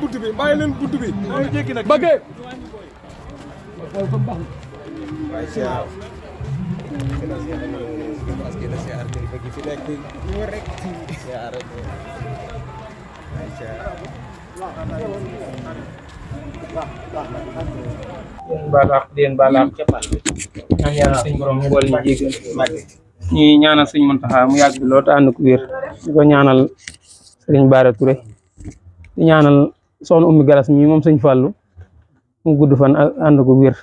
bunt bi bàyyi deen balax ñaan yàlla suñ borom mu bool ñu jéggal ñi ñaanal suñ Muntaxa mu yàgg bi lool te ànd ñaanal Sëriñ Bara Touré di ñaanal soxna ummi galas mii moom sëñ fàllu mu gudd fan ak ànd gu wér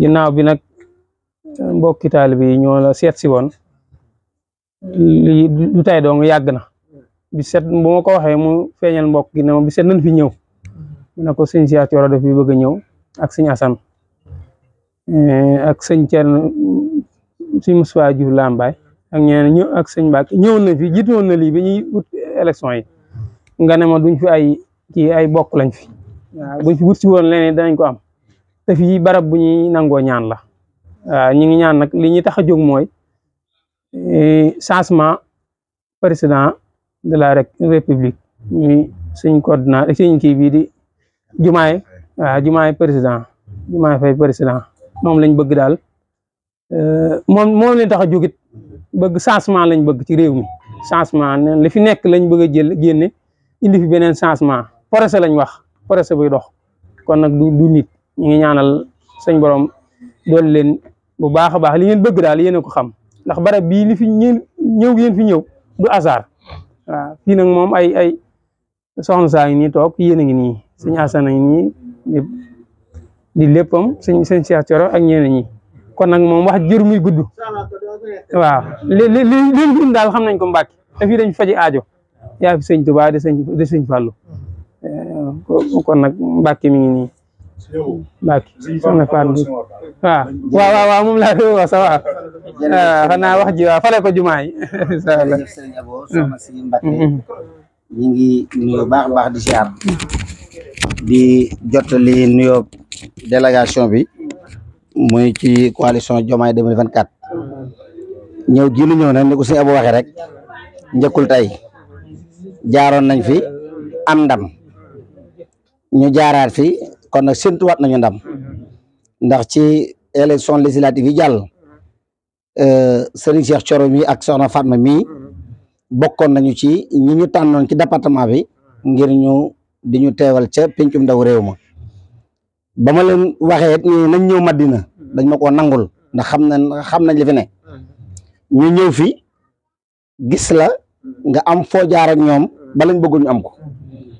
ginnaaw bi nag eh, mbokki taalibe yi seet si woon lii du tay dong yàgg na bi set bu ma ko waxee mu feeñal mbokk gi bi set nañ fi ñëw mu ne ko sëñ siyaat yoro def bi bëgg a ñëw ak sëñ asan eh, ak sëñ Thierno sëñ Moussa Diouf Lambaay ak ñeneen ak sëñ Mbacke ñëwoon na fi jiitoon na lii bi ñuy yi nga ne duñ fi ay ci ay bokk lañ fi waaw buñ fi wut si woon leneen danañ ko am te fii barab bu ñuy nangoo ñaan la waaw ñu ngi ñaan nag li ñu tax a jóg mooy eh, changement président de la république ñuy suñ coordinateur suñ kii bii di jumaay waaw jumaay président jumaay fay président moom lañ bëgg daal eh, moom moom lañ tax a jógit bëgg changement lañ bëgg ci réew mi changement li fi nekk lañ bëgg a jël génne indi fi beneen changement procès lañ wax procès buy dox kon nag du nit ñu ngi ñaanal sëñ borom dool bu baax a baax li ngeen bëgg daal yéen a ko xam ndax barab bii li fi ñeen ñëw ngeen fi ñëw du hasard waaw nag moom ay ay soxna saa ngi nii toog yéen a ngi nii sëñ Asana ngi nii di léppam sëñ sëñ Cheikh ak ñeneen ñi kon nag moom wax jër muy gudd waaw li li li daal xam nañ ko Mbàkke te fii dañ faji aajo yaa fi sëñ Tuubaa di sëñ di kon nag Mbacke mi ngi nii Mbacke soxna laa doon wax sa waaw ah, xanaa wax ji waaw fale ko jumaa yi jërëjëf mm-hmm. ngi nuyu baax baax di siyaar di jottali nuyoo délégation bi muy ci coalition Diomaye 2024 ñëw ji ñëw nag ni ko sëriñ Abo rek njëkkul tey jaaroon nañ fi am ndam ñu jaaraat fi kon nag séntuwaat nañu ndam ndax ci élection législative yi jàll euh, Serigne Cheikh coro mi ak Soxna Fatma mi bokkoon nañu ci ñi ñu tànnoon ci département bi ngir ñu di ñu teewal ca pencum ndaw réew ma ba ma leen waxee ni nañ ñëw Madina dañ ma koo nangul ndax xam na xam na li fi ne ñu ñëw fi gis la nga am foo jaar ñoom ba lañ bëgg am ko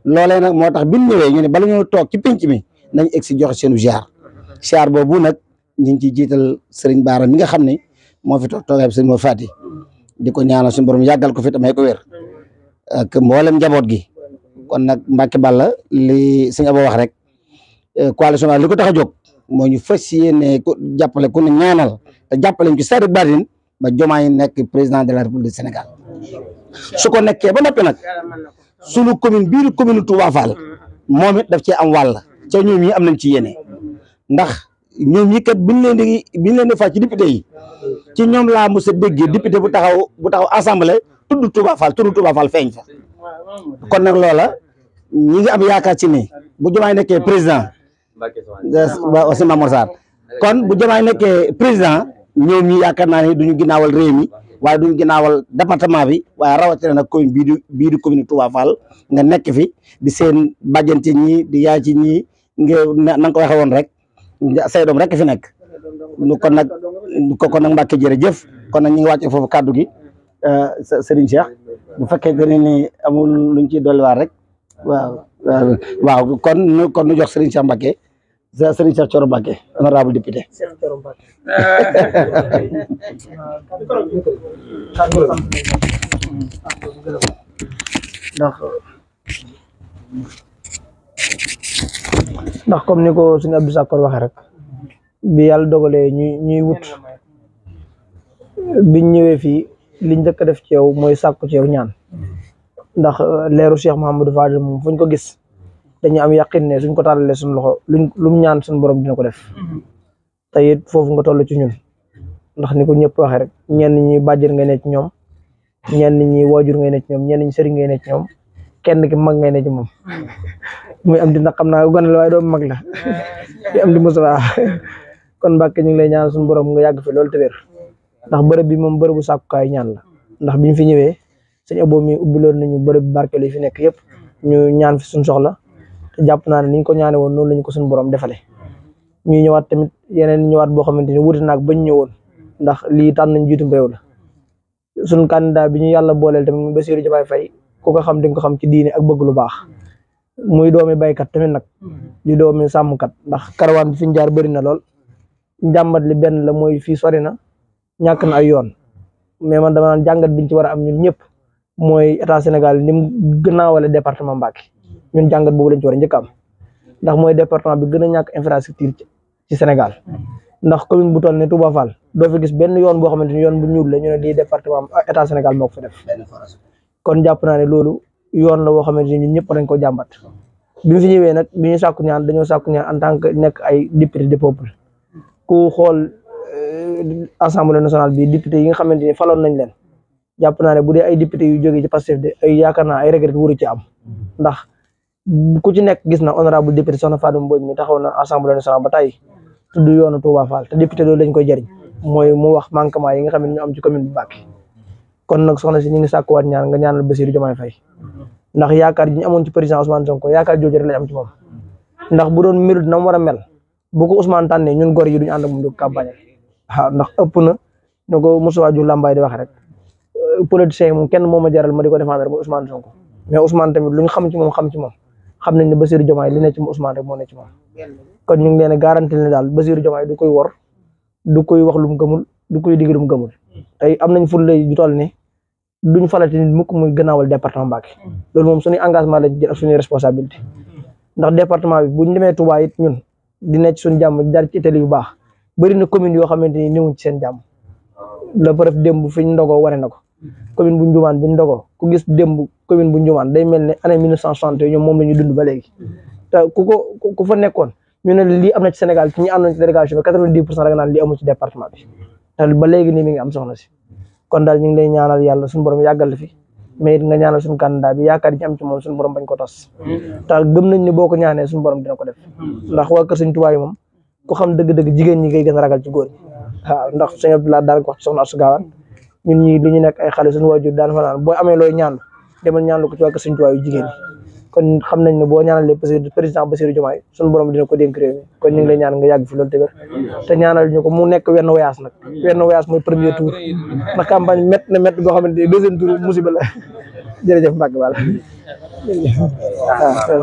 loolee nag moo tax bi ñu ñëwee ñu ne bala ñoo toog ci penc mi nañ egg si joxe seenu ziar ziar boobu nag ñu ngi ciy jiital Serigne Baara mi nga xam ne moo fi toog toogaay bi Serigne Mor di ko ñaanal suñu borom yàggal ko fi ko wér ak mboolem njaboot gi kon nag Mbacke Balla li sëñ Abo wax rek euh, coalition li ko tax a jóg moo ñu fas yéene ku jàppale ku ne ñaanal te jàppale ñu ci sari baatin ba Diomaye nekk président de la République du Sénégal su ko nekkee ba noppi nag. sunu commune biir commune Touba moom it def cee am wàll ca ñoom ñi am nañ ci yéene ndax ñoom ñi kat biñ leen di biñ leen di fàcc ci député yi ci ñoom laa mos a déggee député bu taxaw bu taxaw assemblée tudd Touba Fall tudd Touba Fall feeñ fa kon nag loola ñi ngi am yaakaar si ni bu Diomaye nekkee président waaw aussi kon bu Diomaye nekkee président ñoom ñi yaakaar naa ne du duñu ginnaawal réew mi waaye duñ ginnaawal département bi waaye rawatina nag commune bii di bii di commune Touba nga nekk fi di seen bàjjan ci ñii di yaay ci ñii nga na nga ko waxee woon rek say doom rek fi nekk kon nag kon nag Mbàkke jërëjëf kon nag ñu ngi wàcce foofu kàddu gi euh, Serigne Cheikh bu fekkee ne ni amul luñ ciy dolliwaat rek kon kon nu jox Serigne Cheikh Mbacke Serigne Cheikh Thioro Mbacké honorable député ndax kom ni ko suñu Abdou Sakor waxee rek bi yàlla dogalee ñuy ñuy wut biñ ñëwee fii liñ njëkk def ci mooy sàkku ci yow ñaan ndax leeru Cheikh Mouhamadou Fadil moom fuñ ko gis dañuy am yaqin ne suñ ko tàllalee suñ loxo luñ lu mu ñaan suñ borom dina ko def mhm. te it foofu nga toll ci ñun ndax ni ko ñëpp waxee rek ñenn ñi bàjjen ngay ne ci ñoom ñenn ñi waajur ngay ne ci ñoom ñenn ñi sëriñ ngay ne ñoom kenn ki mag ngay ne ci moom muy am di xam naa gone la waaye doom mag la di am di Mustafa kon ñu ngi lay ñaan suñu borom nga yàgg fi loolu te wér ndax bërëb bi moom bërëbu sàkkukaay ñaan la ndax biñ fi ñëwee sëñ Abo mi na ñu bërëb barkeel yi fi nekk yëpp ñu ñaan fi suñ soxla jàpp naa ne ni ñu ko ñaane woon noonu la ñu ko suñu borom defalee ñuy ñëwaat tamit yeneen ñëwaat boo xamante ni wuute naag bañ ñëwoon ndax lii tànn nañ jiitum réew la suñ candidat bi ñu yàlla booleel tamit Bassirou Diomaye Faye ku ko xam di nga ko xam ci diine ak bëgg lu baax muy doomi baykat tamit nag di doomi sàmmkat ndax karawaan bi fi jaar bëri na lool njàmbat li benn la mooy fii sori na ñàkk na ay yoon mais man dama naan jàngat biñ ci war a am ñun ñëpp mooy état Sénégal ni mu gannaawale département Mbacké ñun jàngat boobu lañ ci war a njëkk am ndax mooy département bi gën a ñàkk infrastructure ci Sénégal ndax commune bu toll ne Touba Fall doo fi gis benn yoon boo xamante ni yoon bu ñuul la ñu ne lii département état Sénégal moo ko kon jàpp naa ne loolu yoon la boo xamante ni ñun ñëpp dañ ko jàmbat bi ñu fi ñëwee nag bi ñu sàkku ñaan dañoo sàkku ñaan en tant que nekk ay député de peuple ku xool euh, assemblée nationale bi député yi nga xamante ni faloon nañ leen jàpp naa ne bu dee ay député yu jógee ci Pastef de ay yaakaar naa ay regret wuru ci am ku ci nekk gis na honorable député Soxna Fatou Mbodj mi taxaw na assemblée nationale ba tey tudd yoonu Touba Fall te député loolu mooy mu wax manquement yi nga xam ne ñu am ci commune bu Mbacké kon nag soxna si ñu ngi waat ñaan nga ñaanal Bassirou Diomaye Faye ndax yaakaar ji ñu amoon ci président Ousmane Sonko yaakaar jooju rek lañ am ci moom ndax bu doon melut na mu war a mel bu ko Ousmane tànnee ñun gor yi duñu ànd ak moom du campagne ndax ëpp na ñu ko Moussa Diouf Lambaye di wax rek politicien yi moom kenn moo ma jaral ma di ko défendre ba lu xam ci moom xam ci moom xam nañ ne Bassirou Diomaye li ne ci Ousmane rek moo ne ci kon ñu ngi leen a garanti ne daal Bassirou Diomaye du koy wor du koy wax lu mu gëmul du koy dig lu mu gëmul tey am nañ fulla ju toll ni duñ falati nit mukk muy gannaawal département loolu moom suñuy engagement la suñuy responsabilité ndax département bi bu buñ demee Touba it ñun dina ci suñu jàmm dar ci itali yu baax bëri na commune yoo xamante ni ñëwuñ ci seen jàmm la preuve démb fi ñu ndogoo wane na ko commune bu Ndioumane bi Ndogo ku gis démb commune bu Ndioumane day mel ne année mille neuf cent soixante ñoom moom la ñu dund ba léegi te ku fa nekkoon ñu ne lii am na ci Sénégal ci ñu am na délégation bi quatre-vingt-dix pour ci département bi te ba léegi ni mi ngi am soxna si kon daal ñu ngi lay ñaanal yàlla suñu borom yàggal la fi mais nga ñaanal suñu candidat bi yaakaar yi ci am ci moom suñu borom bañ ko tas te gëm nañ ne boo ko ñaanee suñu borom dina ko def ndax waa kër Sëñ Tuubaa yi moom ku xam dëgg-dëgg jigéen ñi ngay gën a ragal ci góor ñi waaw ndax Sëñ Abdoulaye daal ko wax ñun ñi li ñu nekk ay xale suñu waajur daan fa naan boo amee looy ñaan demal ñaanlu ko ci wàllu suñu kon xam nañ ne boo ñaanalee président Bassirou Diomaye suñu borom dina ko dénk réew mi kon ñu ngi lay ñaan nga yàgg fi loolu te ñaanal ñu ko mu nekk wenn voyage nag wenn voyage mooy premier tour ndax campagne met na met boo xamante ne deuxième tour musiba la jërëjëf Mbacke Balla ah, waaw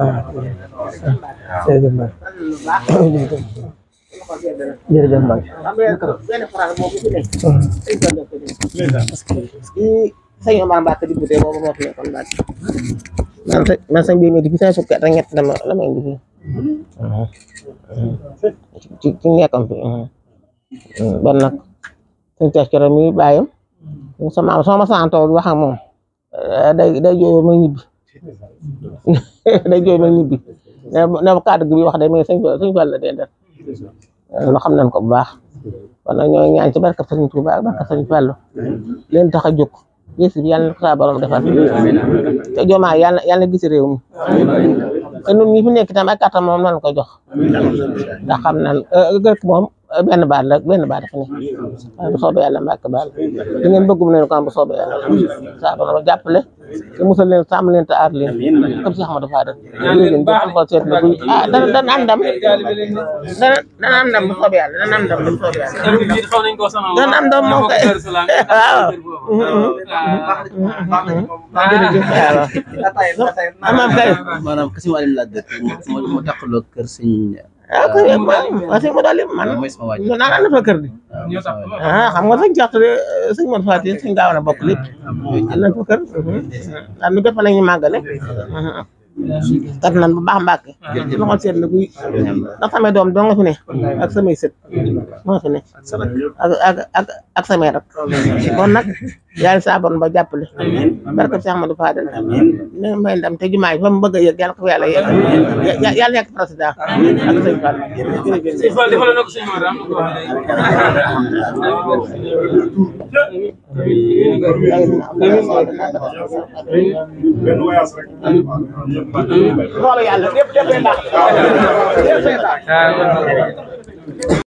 ah, ah, jërëjëf Mbacke jërëjëf ah. Mbacke. man man sëñ bi ma di gis naa sukk ñett dama dama indi fii. ci ci nekkam fi. bon nag sëñ Thiès mi bàyyam sama sama santoo bi wax ak moom eh, day day jooy ñibbi day jooy ñibbi ne bu kàddu wax day ma sëñ Fall la dee def loolu xam nañ ko bu baax kon nag ñoo ñaan ci barka Sëriñ Tuuba ak barka Sëriñ Fallu leen tax a jóg gis bi yàlla na ko saa borom defal te jomaa yàlla yàlla gis réew mi te ñun ñi fi nekk itam ak kàttan moom nan ko jox ndax xam nañ ëllëg moom benn baat benn baat dafa ne waaw bu soobee yàlla mbàkk baal di ngeen bëgg mu leen ko bu soobee yàlla saa borom jàppale te musal leen sàmm leen te leen comme si Ahmadou Fadal ah, na buy ndam bu soobee yàlla dana am ndam bu soobee yàlla dana am ndam moom mm-hmm. ah. kay amaam kay ah kër yëpp ah, man waaw man ah, naan ànd fa kër gi ah, ah xam nga sëñ Jaxate sëñ Modou Faty sëñ Gaawane a bokk lépp ànd nañ fa kër daal ñu def fa la ñuy màggale kat nan bu baax Mbàkke ma xool seet guy ndax samay doom doo nga ak samay sët moo fi ak ak ak samay rak kon nag yàlla saabon ba jàppale barke Cheikh Amadou Fadel ne may ndam te jumaa ji fa mu bëgg a yëg yàlla ko yàlla